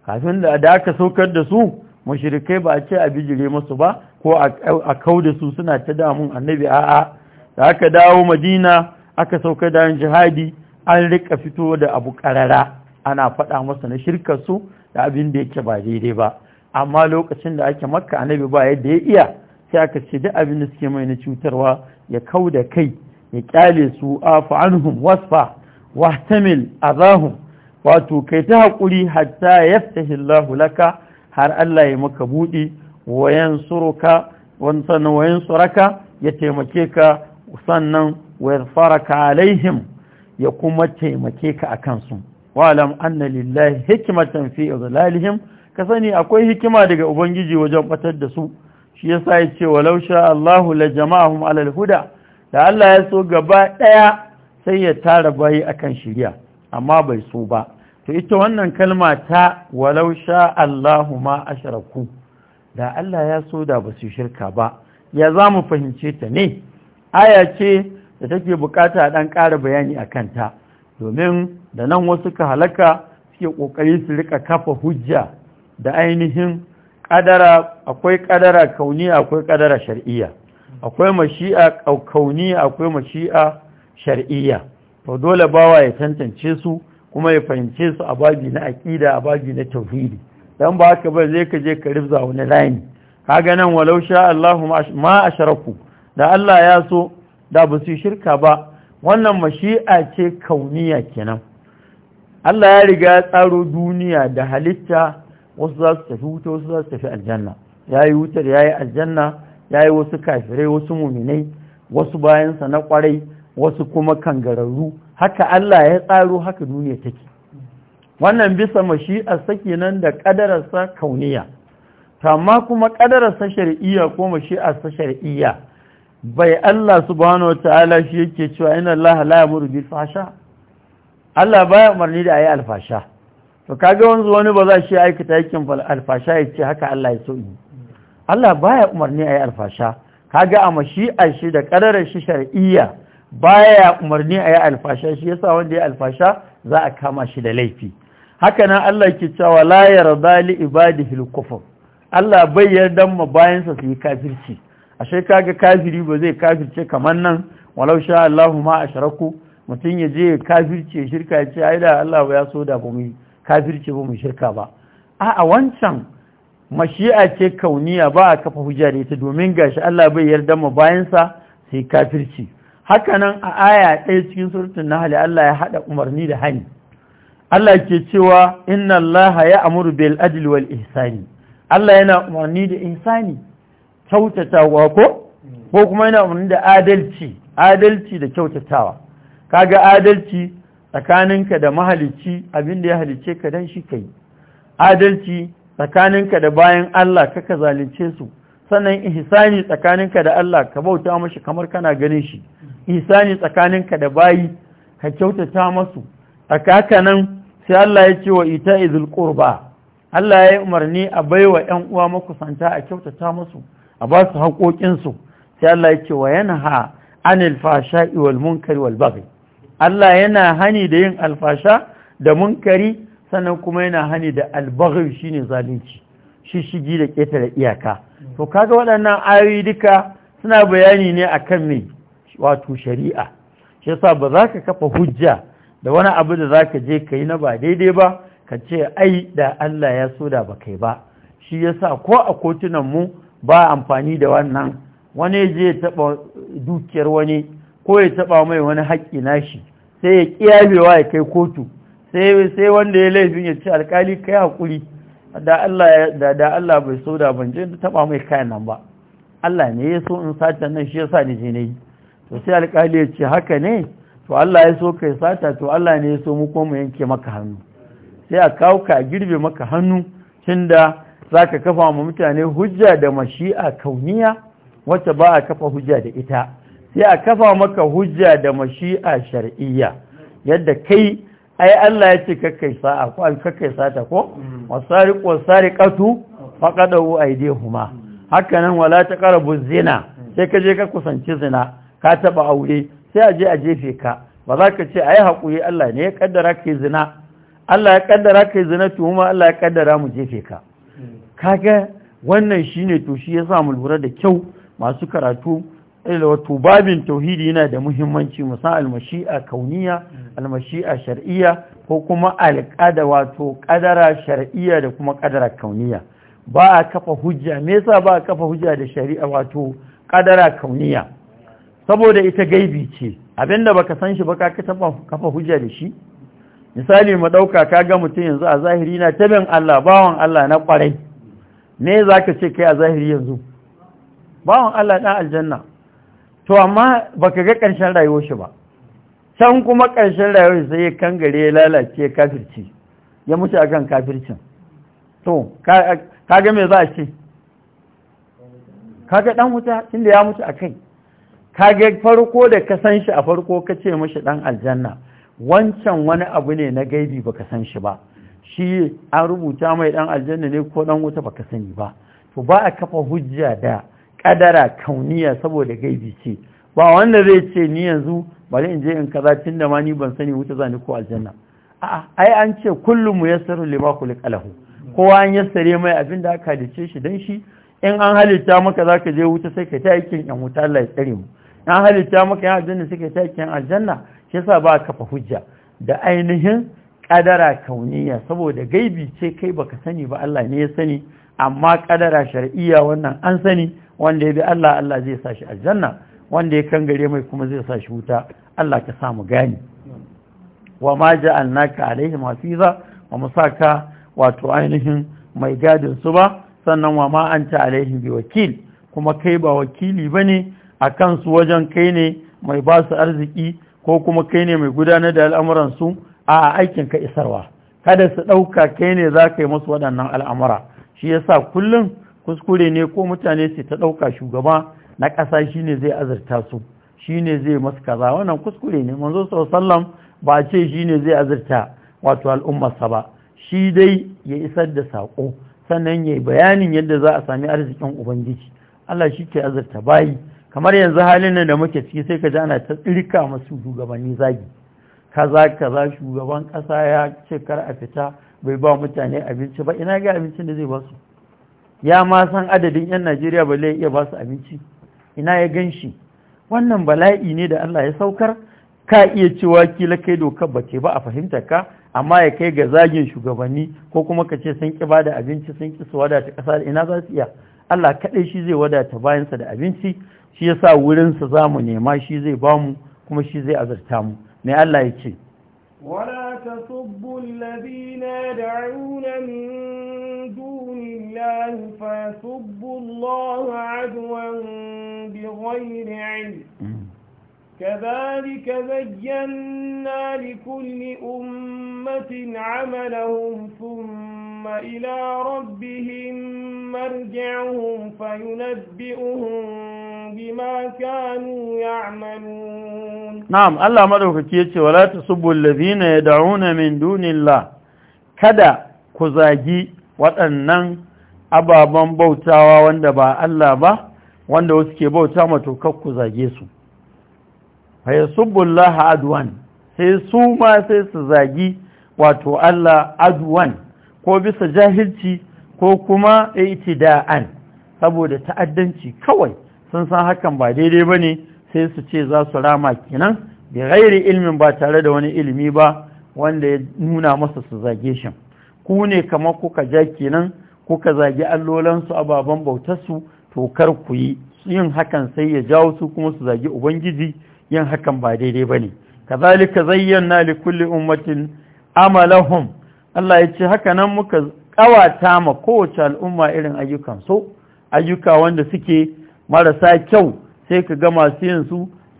kafin da da aka saukar da su mushrikai ba a ce a bijire musu ba ko a kau da su suna ta damun annabi a'a da aka dawo madina aka sauka da ayin jihadi an rika fito da abu karara ana faɗa masa na shirkar su da abin da yake ba daidai ba amma lokacin da ake makka annabi ba yadda ya iya sai aka ce da abin da suke mai na cutarwa ya kau da kai ya kyale su afu anhum wasfa wahtamil azahum wato kai ta haƙuri hatta yaftahi Allahu laka har Allah ya maka buɗi wayan suruka wannan wayan suraka ya taimake ka sannan wayarfaraka alaihim ya kuma taimake ka a kansu wa'lam anna lillahi hikmatan fi idlalihim ka sani akwai hikima daga ubangiji wajen batar da su shi yasa ya ce walau sha Allahu la jama'ahum alal huda da Allah ya so gaba daya sai ya tara bayi akan shirya, amma bai so ba to ita wannan kalma ta walau sha Allahu ma asharaku da Allah ya so da ba su shirka ba ya za mu fahimce ta ne aya ce da take bukata dan ƙara bayani akan ta domin da nan wasu ka halaka suke kokari su rika kafa hujja da ainihin ƙadara akwai ƙadara kauniya akwai ƙadara shar'iyya akwai mashi'a kauniya akwai mashi'a shar'iyya to dole bawa ya tantance su kuma ya fahimce su a babi na aƙida a babi na tauhidi dan ba haka ba zai ka je ka rifza wani layi kaga nan walau sha Allahu ma asharaku da Allah ya so da ba su shirka ba wannan mashi'a ce kauniya kenan Allah ya riga ya tsaro duniya da halitta wasu za su tafi wuta wasu za su tafi aljanna ya yi wutar ya yi aljanna ya yi wasu kafirai wasu muminai wasu bayansa na kwarai wasu kuma kangararru haka Allah ya tsaro haka duniya take wannan bisa mashi'arsa kenan da kadararsa kauniya amma kuma kadararsa shari'iya ko mashi'arsa shar'iyya bai Allah subhanahu wataala shi yake cewa inna Allah la yamuru bil fasha Allah baya umarni da ayi alfasha to kaga wanzu wani ba za shi aikata yakin alfasha ya ce haka Allah ya so yi Allah baya umarni a yi alfasha kaga a mashi'ar shi da ƙararar shi shari'iyya baya umarni a yi alfasha shi yasa wanda ya alfasha za a kama shi da laifi haka nan Allah ke cewa la yarda li ibadihi al-kufr Allah bai yarda ma bayansa su yi kafirci ashe kaga kafiri ba zai kafirce kamar nan walau sha Allahu ma asharaku mutum ya je kafirce shirka ya ce ai da Allah ba ya so da ba kafirci ba mu shirka ba a'a wancan mashi'a ce kauniya ba a kafa hujja da ita domin gashi Allah bai yarda mu bayansa sai kafirci hakanan a aya ɗaya cikin suratul nahl Allah ya hada umarni da hani Allah ke cewa inna Allah ya amuru bil adl wal ihsani Allah yana umarni da ihsani kyautatawa ko ko kuma yana umarni da adalci adalci da kyautatawa kaga adalci tsakaninka da mahalicci abin da ya halice ka dan shi kai adalci tsakaninka da bayan Allah kaka zalunce su sannan ihsani tsakaninka da Allah ka bauta mashi kamar kana ganin shi ihsani tsakaninka da bayi ka kyautata masu tsakaka nan sai Allah ya ce wa ita 'Izul qurba Allah ya yi umarni a baiwa ƴan uwa makusanta a kyautata masu a ba su su sai Allah ya ce wa yanha anil fashai wal munkari wal baghi Allah yana hani da yin alfasha da munkari sannan kuma yana hani da albaghi shine zalunci shishigi da ƙetare iyaka to kaga waɗannan ayoyi duka suna bayani ne akan me wato shari'a shi yasa ba za ka kafa hujja da wani abu da za ka je ka yi na ba daidai ba ka ce ai da Allah ya so da ba kai ba shi yasa ko a kotunan mu ba amfani da wannan wani je taɓa dukiyar wani ko ya taɓa mai wani haƙƙi nashi sai ya kiyabewa ya kai kotu sai wanda ya laifin ya ce alkali kai hakuri da Allah da Allah bai so da ban je taba mai kayan nan ba Allah ne ya so in sata nan shi yasa ni je nayi to sai alkali ya ce haka ne to Allah ya so kai sata to Allah ne ya so mu ko mu yanke maka hannu sai a kawo ka girbe maka hannu tunda zaka kafa wa mutane hujja da mashi'a kauniya wacce ba a kafa hujja da ita ya kafa maka hujja da mashi'a shar'iyya yadda kai ai Allah ya ce kakkai sa'a ko an kakkai sata ko mm. wasariq wasariqatu faqadu aydihuma hakanan wala taqrabu zina mm. sai ka je ka kusanci zina ka taba aure sai aje je a jefe ka ba za ka ce ai hakuri Allah ne ya kaddara kai zina Allah ya kaddara kai zina to kuma Allah ya kaddara mu jefe ka mm. kaga wannan shine to shi yasa mu lura da kyau masu karatu Eh, wato babin tauhidi yana da muhimmanci musan almashi'a kauniya almashi'a shar'iyya ko kuma alƙada wato ƙadara shar'iyya da kuma ƙadara kauniya ba a kafa hujja me yasa ba a kafa hujja da shari'a wato ƙadara kauniya saboda ita gaibi ce abinda baka san shi ba ka kafa hujja da shi misali mu ɗauka ka ga mutum yanzu a zahiri na tabin Allah bawan Allah na kwarai, me zaka ce kai a zahiri yanzu bawan Allah na aljanna to amma ka ga ƙarshen rayuwar shi ba can kuma ƙarshen rayuwar sai ya kangare ya lalace kafirci ya mutu akan kafircin to ka ga me za a ce ga dan wuta inda ya mutu akai ga farko da ka san shi a farko ka ce mashi dan aljanna wancan wani abu ne na gaibi ba ka san shi ba shi an rubuta mai dan aljanna ne ko dan wuta ba ka sani ba to ba a kafa hujja da kadara kauniya saboda gaibi ce ba wanda zai ce ni yanzu bari in je in kaza tun da ma ni ban sani wuta ni ko aljanna a'a ai an ce kullum muyassaru lima qalahu kowa an yassare mai abin da aka dace shi dan shi in an halitta maka zaka je wuta sai ka ta aikin yan wuta Allah ya tsare mu an halitta maka yan aljanna sai ka ta aikin aljanna shi yasa ba kafa hujja da ainihin kadara kauniya saboda gaibi ce kai baka sani ba Allah ne ya sani amma kadara shar'iyya wannan an sani wanda ya bi Allah Allah zai sa shi aljanna wanda ya kangare mai kuma zai sa shi wuta Allah ka samu gani wa ma ja'alnaka alaihim hafiza wa musaka wato ainihin mai gadin su ba sannan wa ma anta alaihim bi wakil kuma kai ba wakili bane akan su wajen kai ne mai ba su arziki ko kuma kai ne mai gudanar da al'amuran su a aikin ka isarwa kada su ɗauka kai ne za ka yi musu waɗannan al'amura shi yasa kullum kuskure ne ko mutane su ta ɗauka shugaba na ƙasa shi ne zai azurta su shi ne zai masu kaza wannan kuskure ne manzo sallam ba ce shi ne zai azurta wato al'ummarsa ba shi dai ya isar da saƙo sannan ya yi bayanin yadda za a sami arzikin ubangiji allah shi ke azurta bayi kamar yanzu halin nan da muke ciki sai ka ji ana ta tsirka masu shugabanni zagi kaza kaza shugaban ƙasa ya ce kar a fita bai ba mutane abinci ba ina ga abincin da zai ba su ya ma san adadin 'yan najeriya ba zai iya ba su abinci ina ya gan shi wannan bala'i ne da allah ya saukar ka iya cewa kila kai dokar ba ce ba a fahimta ka amma ya kai ga zagin shugabanni ko kuma ka ce sun ƙi ba da abinci sun ƙi su wadata ƙasa da ina za su iya allah kaɗai shi zai wadata bayansa da abinci shi ya sa wurinsa za mu nema shi zai ba mu kuma shi zai azarta mu mai allah ya ce ولا تسبوا الذين يدعون من دون الله فيسبوا الله عدوا بغير علم كذلك زينا لكل أمة عملهم ثم ثُمَّ إِلَى رَبِّهِمْ مَرْجِعُهُمْ فَيُنَبِّئُهُم بِمَا كَانُوا يَعْمَلُونَ نعم الله مدوكي yace wala tasubbu alladhina yad'una min dunillahi kada ku zagi waɗannan ababan bautawa wanda ba Allah ba wanda suke bauta ma to kak ku zage su fayasubbullaha adwan sai su ma sai su zagi wato Allah adwan ko bisa jahilci ko kuma da'an saboda ta'addanci kawai sun san hakan ba daidai ba ne sai su ce za su rama kenan bi ghairi ilmin ba tare da wani ilimi ba wanda ya nuna masa su zage shi ku ne kamar kuka ja kenan kuka zagi allolansu ababen bautarsu to kar ku yi yin hakan sai ya jawo su kuma su zagi ubangiji yin hakan ba daidai ba ne kazalika zayyana li kulli ummatin amalahum Allah ya ce haka nan muka ƙawata ma kowace al'umma irin ayyukan so ayyuka wanda suke marasa kyau sai ka ga masu yin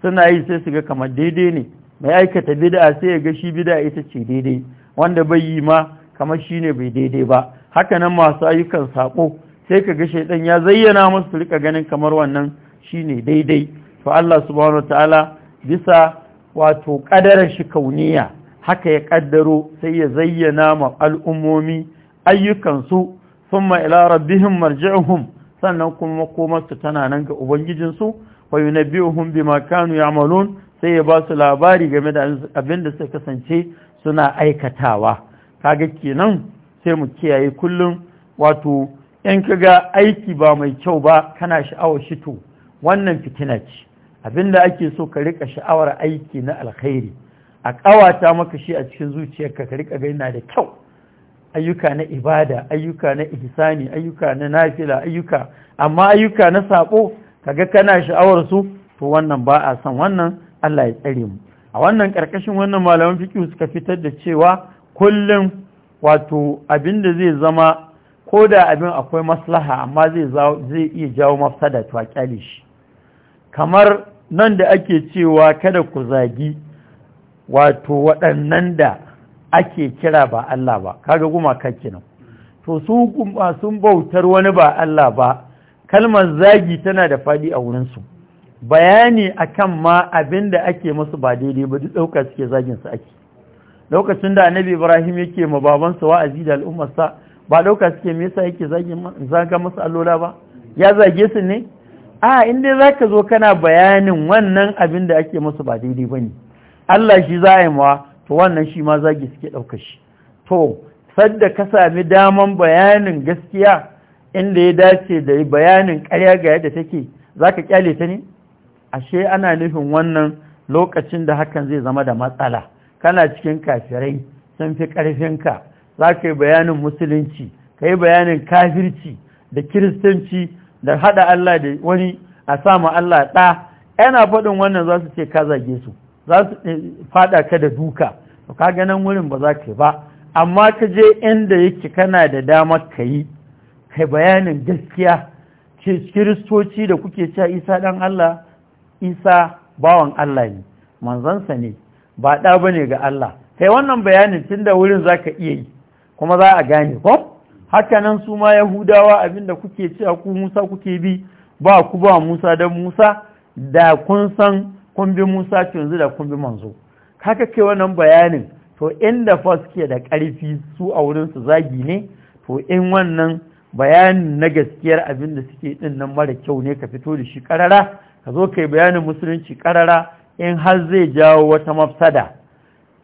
suna yi sai su ga kamar daidai ne mai aikata bid'a sai ya ga shi bid'a ita ce daidai wanda bai yi ma kamar shi ne bai daidai ba haka nan masu ayyukan saƙo sai ka ga shaidan ya zayyana musu rika ganin kamar wannan shi ne daidai to Allah subhanahu ta'ala bisa wato ƙadarar shi kauniya haka ya kaddaro sai ya zayyana ma al'ummomi ayyukansu thumma ila rabbihim marji'uhum sannan kuma komarsu tana nan ga ubangijinsu wa yunabbi'uhum bima kanu ya'malun sai ya basu labari game da abin da suka kasance suna aikatawa kaga kenan sai mu kiyaye kullum wato in kaga aiki ba mai kyau ba kana sha'awar shi to wannan fitina ce abinda ake so ka rika sha'awar aiki na alkhairi a ƙawata maka shi a cikin zuciyarka ka rika gani na da kyau ayyuka na ibada ayyuka na ihsani ayyuka na nafila ayyuka amma ayyuka na ka kaga kana sha'awar su to wannan ba a san wannan Allah ya tsare mu a wannan karkashin wannan malaman fiqh suka fitar da cewa kullum wato abin da zai zama ko da abin akwai maslaha amma zai zai iya jawo mafsada to a kyale shi kamar nan da ake cewa kada ku zagi wato waɗannan da ake kira ba Allah ba kaga gumaka kenan to su sun bautar wani ba Allah ba kalmar zagi tana da faɗi a wurinsu bayani akan ma abin da ake musu ba daidai ba duk ɗauka suke zaginsu ake lokacin da annabi ibrahim yake ma babansa wa'azi da al'ummarsa ba ɗauka suke me yasa yake zaga musu allola ba ya zage su ne a inda za ka zo kana bayanin wannan abin da ake musu ba daidai ba ne Allah shi za a yi mawa to wannan shi ma za suke ɗauka shi to sadda ka sami daman bayanin gaskiya inda ya dace da bayanin ƙarya ga yadda take za ka kyale ta ne ashe ana nufin wannan lokacin da hakan zai zama da matsala kana cikin kafirai sun fi ƙarfinka za ka yi bayanin musulunci ka yi bayanin kafirci da kiristanci da haɗa Allah da wani a sama Allah ɗa yana faɗin wannan za su ce ka zage su za su eh, fada ka da duka to ka ganin wurin ba za ka yi ba amma ka je inda yake kana da damar ka yi kai bayanin gaskiya ce kiristoci da kuke cewa isa dan Allah isa bawan Allah ne manzansa ne ba ɗa ba ne ga Allah kai wannan bayanin tun da wurin za ka iya yi kuma za a gane ko hakanan su ma yahudawa abinda kuke cewa ku musa kuke bi ba ku ba musa don musa da kun san Kumbin Musa to yanzu da kumbin manzo kaga kai wannan bayanin to inda fa suke da ƙarfi su a wurinsu zagi ne to in wannan bayanin na gaskiyar abin da suke din nan mara kyau ne ka fito da shi ƙarara ka zo ka yi bayanin musulunci ƙarara, in har zai jawo wata mafsada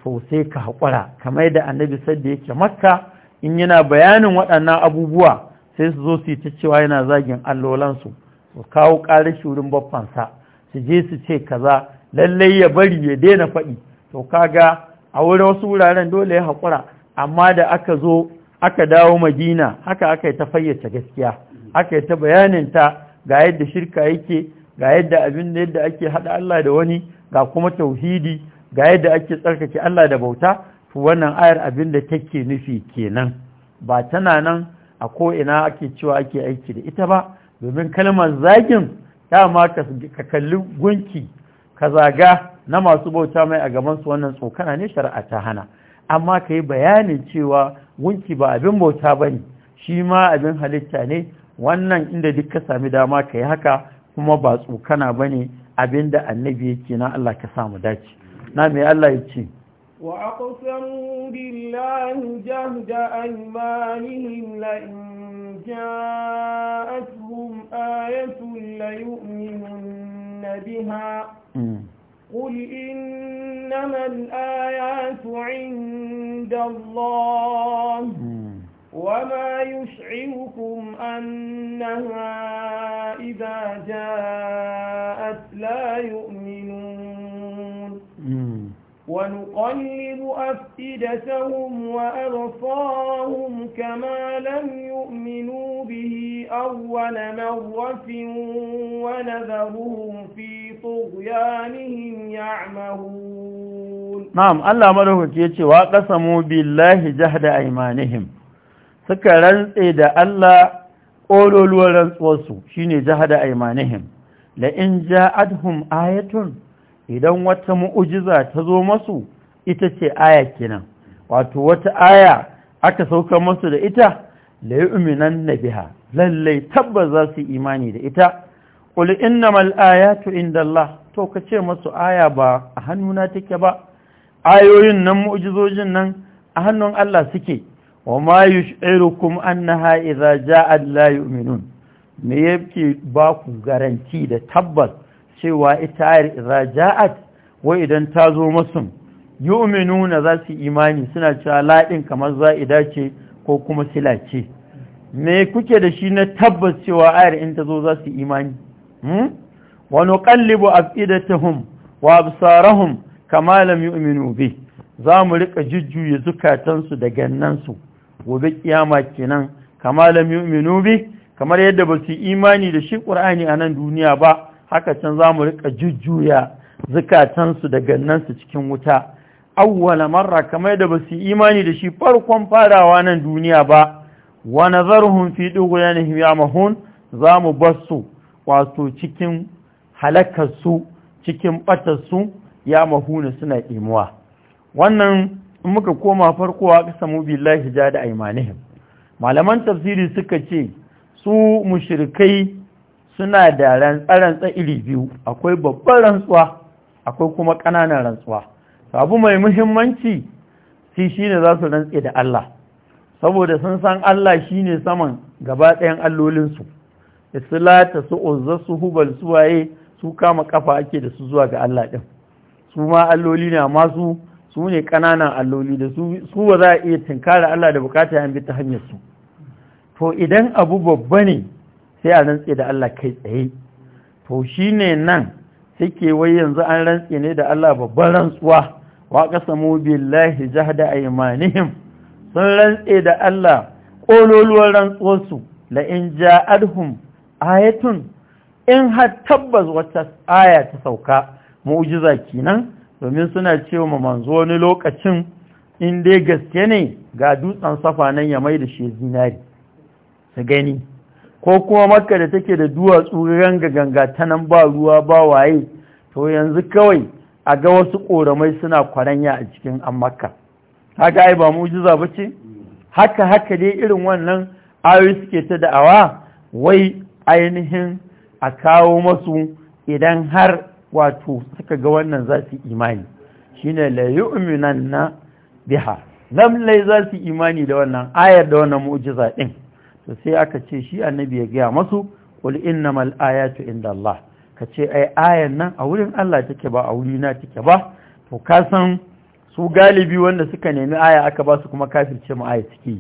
to sai ka haƙura kamar da annabi sadda yake makka in yana bayanin waɗannan abubuwa sai su zo su yi ta cewa yana zagin allolansu su kawo ƙarar shi wurin baffansa su je su ce kaza lallai ya bari ya daina faɗi to kaga a wurin wasu wuraren dole ya haƙura amma da aka zo aka dawo madina haka aka yi ta fayyace gaskiya aka yi ta bayaninta ga yadda shirka yake ga yadda abin da yadda ake haɗa Allah da wani ga kuma tauhidi ga yadda ake tsarkake Allah da bauta to wannan ayar abin da take nufi kenan ba tana nan a ko ina ake cewa ake aiki da ita ba domin kalmar zagin dama ka kalli gunki ka zaga na masu bauta mai a gabansu wannan tsokana ne shari'a ta hana amma ka yi bayanin cewa gunki ba abin bauta ba ne shi ma abin halitta ne wannan inda duk ka sami dama ka yi haka kuma ba tsokana ba ne abin da annabi yake na Allah ka samu dace na mai Allah ya ce وأقسموا بالله جهد أيمانهم لئن جاءتهم آية ليؤمنن بها قل إنما الآيات عند الله وما يشعركم أنها إذا جاءت لا يؤمنون ونقلب أفئدتهم وأبصارهم كما لم يؤمنوا به أول مرة ونذرهم في طغيانهم يعمهون نعم الله مره كيتي وقسموا بالله جهد أيمانهم سكرن إذا الله قولوا الورنس وصو شيني جهد أيمانهم لئن جاءتهم آية idan wata mu'ujiza ta zo masu ita ce aya kenan wato wata aya aka sauka masu da ita la yu'minan biha lallai tabbas za su imani da ita qul innamal ayatu indallah to kace masu aya ba a hannuna take ba ayoyin nan mu'ujizojin nan a hannun Allah suke wa ma yush'irukum annaha idza ja'at la yu'minun me yake ba ku garanti da tabbas cewa ita ayar idza ja'at wa idan ta zo musu na za su imani suna cewa la'in kamar za'ida ce ko kuma sila ce me kuke da shi na tabbas cewa ayar in ta zo za su imani hmm? wa ta afidatahum wa absarahum kama lam yu'minu bi za mu rika jujjuye zukatansu da gannansu gobe kiyama kenan kama lam yu'minu bi kamar yadda ba su imani da shi qur'ani a nan duniya ba haka can za mu rika jujjuya zukatansu da gannansu cikin wuta awwala marra kamar da basu su imani da shi farkon farawa nan duniya ba wa nazarhum fi dughyanihim yamahun za mu basu wato cikin halakarsu cikin batarsu mahuna, suna imuwa wannan in muka koma farko a farkowa mu billahi ja da aimanihim malaman tafsiri suka ce su mushrikai suna da rantsa-rantsa iri biyu akwai babban rantsuwa akwai kuma ƙananan rantsuwa abu mai muhimmanci shi shine za su rantse da Allah saboda sun san Allah shine saman gaba ɗayan su islata su uzza su hubal su waye su kama kafa ake da su zuwa ga Allah ɗin su ma alloli ne masu su ne ƙananan alloli da su ba za a iya tinkara Allah da bukata ya bi ta hanyar su to idan abu babba ne sai a rantse da Allah kai tsaye to shi ne nan suke wai yanzu an rantse ne da Allah babban rantsuwa wa qasamu billahi jahda aymanihim sun rantse da Allah kololuwar rantsuwarsu la in ja'adhum ayatun in har tabbas wata aya ta sauka mu'jiza kenan domin suna cewa mu manzo wani lokacin in dai gaske ne ga dutsen safa nan ya mai da shi zinari su gani ko kuma makka da take da duwatsu ranga ganga ta nan ba ruwa ba waye to yanzu kawai a ga wasu ƙoramai suna kwaranya a cikin an makka haka ai ba mujiza ba ce haka haka dai irin wannan ayoyi suke ta da'awa wai ainihin a kawo masu idan har wato suka ga wannan za su imani shine la yu'minanna biha lallai za su imani da wannan ayar da wannan mu'jiza ɗin? to sai aka ce shi annabi ya gaya masu wal innamal ayatu inda Allah ka ce ai ayan nan a wurin Allah take ba a wurina take ba to ka san su galibi wanda suka nemi aya aka ba su kuma kafirce mu aya suke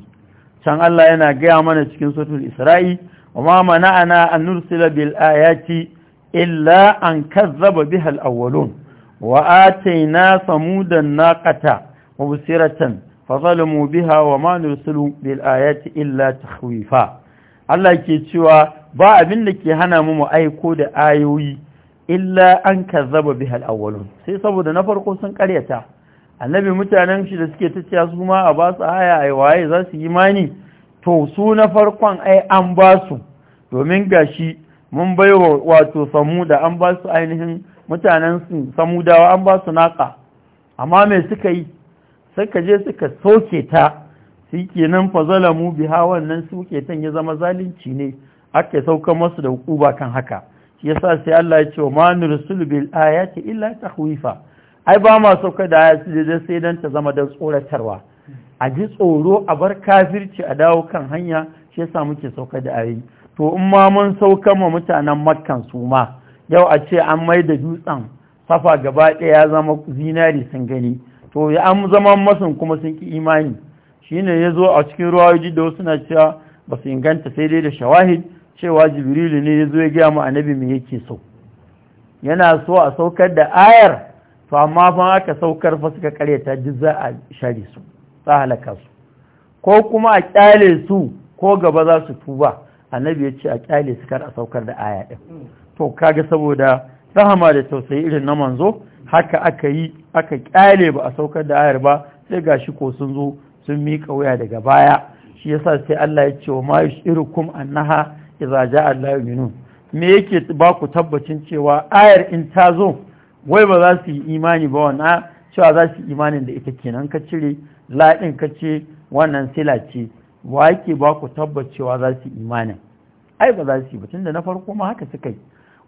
can Allah yana gaya mana cikin suratul isra'i wa ma ana an nursila bil ayati illa an kazzaba biha al awwalun wa atayna samudan naqata mubsiratan fazalamu biha wa ma nursilu bil ayati illa takhwifa Allah ke cewa ba abin da ke hana mu mu aiko da ayoyi illa an kazzaba bihal awwalun sai saboda na farko sun karyata annabi mutanen shi da suke taciya su ma a ba su aya ai waye za su imani to su na farkon ai an ba su domin gashi mun baiwa wato samuda an ba su ainihin mutanen samudawa an ba su naka amma me suka yi suka je suka soke ta shi kenan fa hawan nan wannan ta ya zama zalunci ne aka sauka masu da hukuba kan haka shi yasa sai Allah ya ce wa ma nursul bil ayati illa tahwifa ai ba ma sauka da ayati da sai dan ta zama da tsoratarwa a ji tsoro a bar kafirci a dawo kan hanya shi yasa muke sauka da ayi to in ma mun sauka ma mutanen makkan su ma yau a ce an mai da dutsen safa gaba ɗaya ya zama zinari sun gani to ya an zaman masun kuma sun ki imani Shi ne ya zo a cikin ruwa ruwayoyi da wasu na cewa ba su inganta sai dai da shawahid cewa jibrilu ne ya zo ya gaya mu annabi me yake so yana so a saukar da ayar to amma fa aka saukar fa suka karyata duk za a share su za halaka su ko kuma a kyale su ko gaba za su tuba annabi ya ce a kyale su kar a saukar da aya din to kaga saboda rahama da tausayi irin na manzo haka aka yi aka kyale ba a saukar da ayar ba sai ga shi ko sun zo sun miƙa wuya daga baya shi yasa sai Allah ya ce wa ma yushirukum annaha idza jaa Allah yu'minun me yake ba ku tabbacin cewa ayar in ta zo wai ba za su yi imani ba wannan cewa za su yi imanin da ita kenan ka cire la din ka ce wannan sila ce wa yake ba ku tabbacewa za su yi imanin ai ba za su yi ba tunda na farko ma haka suka yi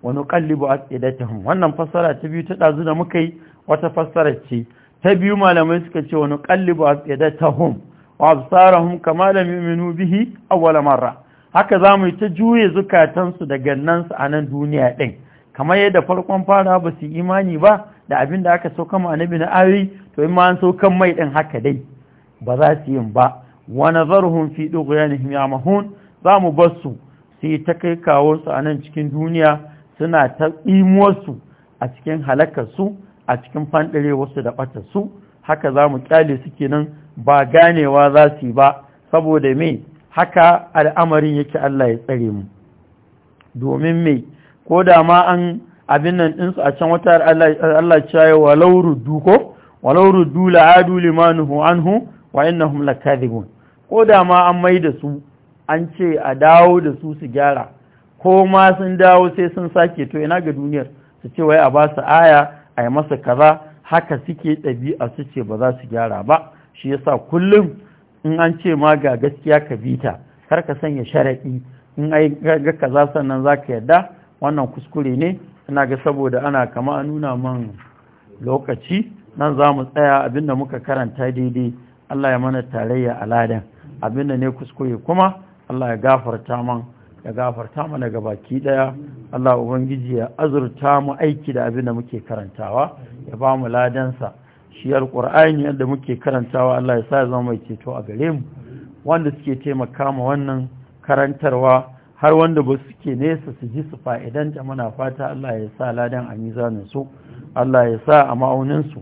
wa nuqallibu afidatahum wannan fassara ta biyu ta ɗazu da muka yi wata fassara ce ta biyu malamai suka ce wa nuqallibu afidatahum wa absarahum kama lam yu'minu bihi awwala marra haka za yi ta juye zukatansu nan su a nan duniya din kamar yadda farkon fara ba su imani ba da abin da aka sauka ma annabi na ayoyi to in ma an saukan mai din haka dai ba za su yin ba wa nazaruhum fi dughyanihim yamahun zamu basu sai ta kai kawo su a nan cikin duniya suna ta imuwarsu a cikin halakarsu a cikin fanɗare wasu da ɓatarsu haka za mu ƙyale su nan ba ganewa za su yi ba saboda me haka al'amarin yake Allah ya tsare mu domin me ko da ma an abin nan ɗinsu a can wata Allah ya wa lauru ruddu ko walau ruddu la'adu limanuhu anhu wa innahum lakadhibun ko da ma an mai da su an ce a dawo da su su gyara ko ma sun dawo sai sun sake to ina ga duniyar su ce wai a ba su aya a yi masa kaza haka suke ɗabi'a su ce ba za su gyara ba shi yasa kullum in an ce ma ga gaskiya ka bi ta kar ka sanya sharaɗi in ai ga kaza sannan za ka yarda wannan kuskure ne ina ga saboda ana kama a nuna man lokaci nan za mu tsaya abinda muka karanta daidai Allah ya mana tarayya a ladan abinda ne kuskure kuma Allah ya gafarta man ya gafarta mana ga baki daya Allah ubangiji ya azurta mu aiki da abin da muke karantawa ya ba mu ladansa shi alqur'ani yadda muke karantawa Allah ya sa ya zama mai ceto a gare mu wanda suke taimaka ma wannan karantarwa har wanda ba suke nesa su ji su fa'idanta muna fata Allah ya sa ladan a mizanin su Allah ya sa a ma'aunin su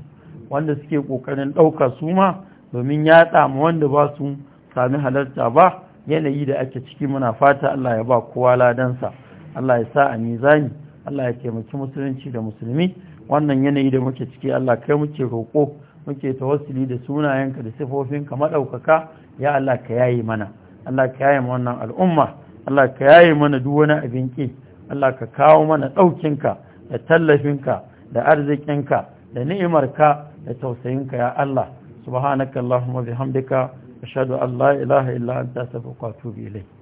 wanda suke ƙoƙarin ɗauka su ma domin ya ma wanda ba su sami halarta ba yanayi da ake ciki muna fata Allah ya ba kowa ladansa Allah ya sa a mizani Allah ya taimaki musulunci da musulmi wannan yanayi da muke ciki Allah kai muke roƙo muke tawassuli da sunayenka da sifofinka madaukaka ya Allah ka yaye mana Allah ka yaye wannan al'umma Allah ka yaye mana duk wani abin ki Allah ka kawo mana ɗaukinka da tallafinka da arzikinka da ni'imarka da tausayinka ya Allah subhanakallahumma bihamdika أشهد أن لا إله إلا أنت أتبقى إليه